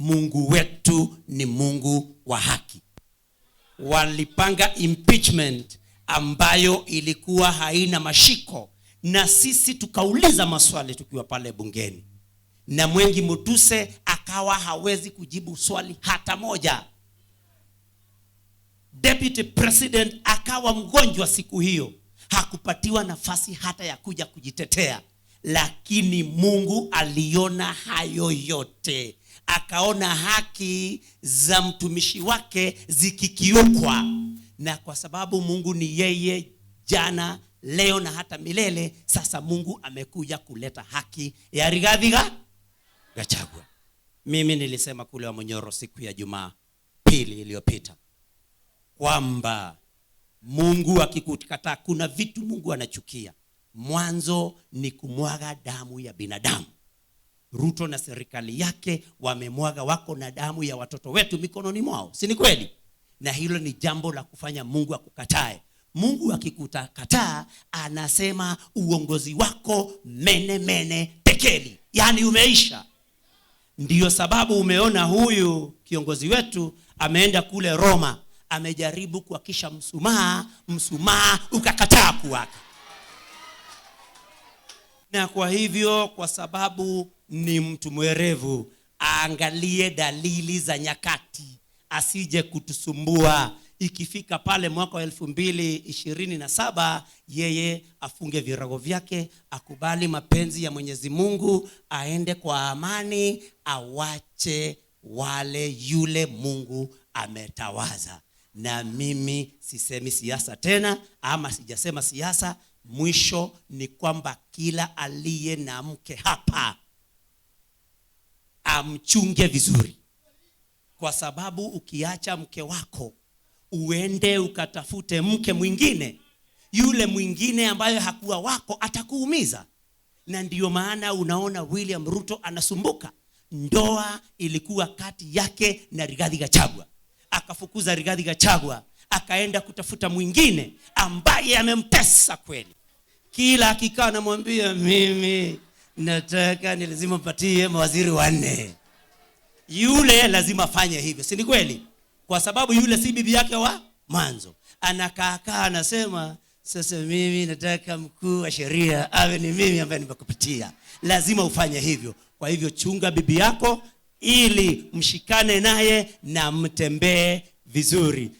Mungu wetu ni Mungu wa haki. Walipanga impeachment ambayo ilikuwa haina mashiko, na sisi tukauliza maswali tukiwa pale bungeni, na Mwengi Mutuse akawa hawezi kujibu swali hata moja. Deputy President akawa mgonjwa siku hiyo, hakupatiwa nafasi hata ya kuja kujitetea lakini Mungu aliona hayo yote, akaona haki za mtumishi wake zikikiukwa, na kwa sababu Mungu ni yeye jana, leo na hata milele, sasa Mungu amekuja kuleta haki ya rigadhiga gachagwa Mimi nilisema kule wa Wamunyoro siku ya jumaa pili iliyopita kwamba Mungu akikukataa, kuna vitu Mungu anachukia mwanzo ni kumwaga damu ya binadamu. Ruto na serikali yake wamemwaga, wako na damu ya watoto wetu mikononi mwao, si ni kweli? Na hilo ni jambo la kufanya Mungu akukatae. Mungu akikutakataa anasema uongozi wako mene mene tekeli, yaani umeisha. Ndiyo sababu umeona huyu kiongozi wetu ameenda kule Roma, amejaribu kuakisha msumaa, msumaa ukakataa kuwaka na kwa hivyo, kwa sababu ni mtu mwerevu, aangalie dalili za nyakati, asije kutusumbua. Ikifika pale mwaka wa elfu mbili ishirini na saba yeye afunge virago vyake, akubali mapenzi ya Mwenyezi Mungu, aende kwa amani, awache wale yule Mungu ametawaza. Na mimi sisemi siasa tena, ama sijasema siasa Mwisho ni kwamba kila aliye na mke hapa amchunge vizuri, kwa sababu ukiacha mke wako uende ukatafute mke mwingine, yule mwingine ambayo hakuwa wako atakuumiza. Na ndiyo maana unaona William Ruto anasumbuka. Ndoa ilikuwa kati yake na Rigathi Gachagua, akafukuza Rigathi Gachagua, akaenda kutafuta mwingine ambaye amemtesa kweli. Kila akikaa anamwambia mimi nataka ni lazima mpatie mawaziri wanne, yule lazima afanye hivyo, si ni kweli? Kwa sababu yule si bibi yake wa mwanzo. Anakaakaa anasema sasa mimi nataka mkuu wa sheria awe ni mimi ambaye nimekupitia. Lazima ufanye hivyo. Kwa hivyo chunga bibi yako ili mshikane naye na mtembee vizuri.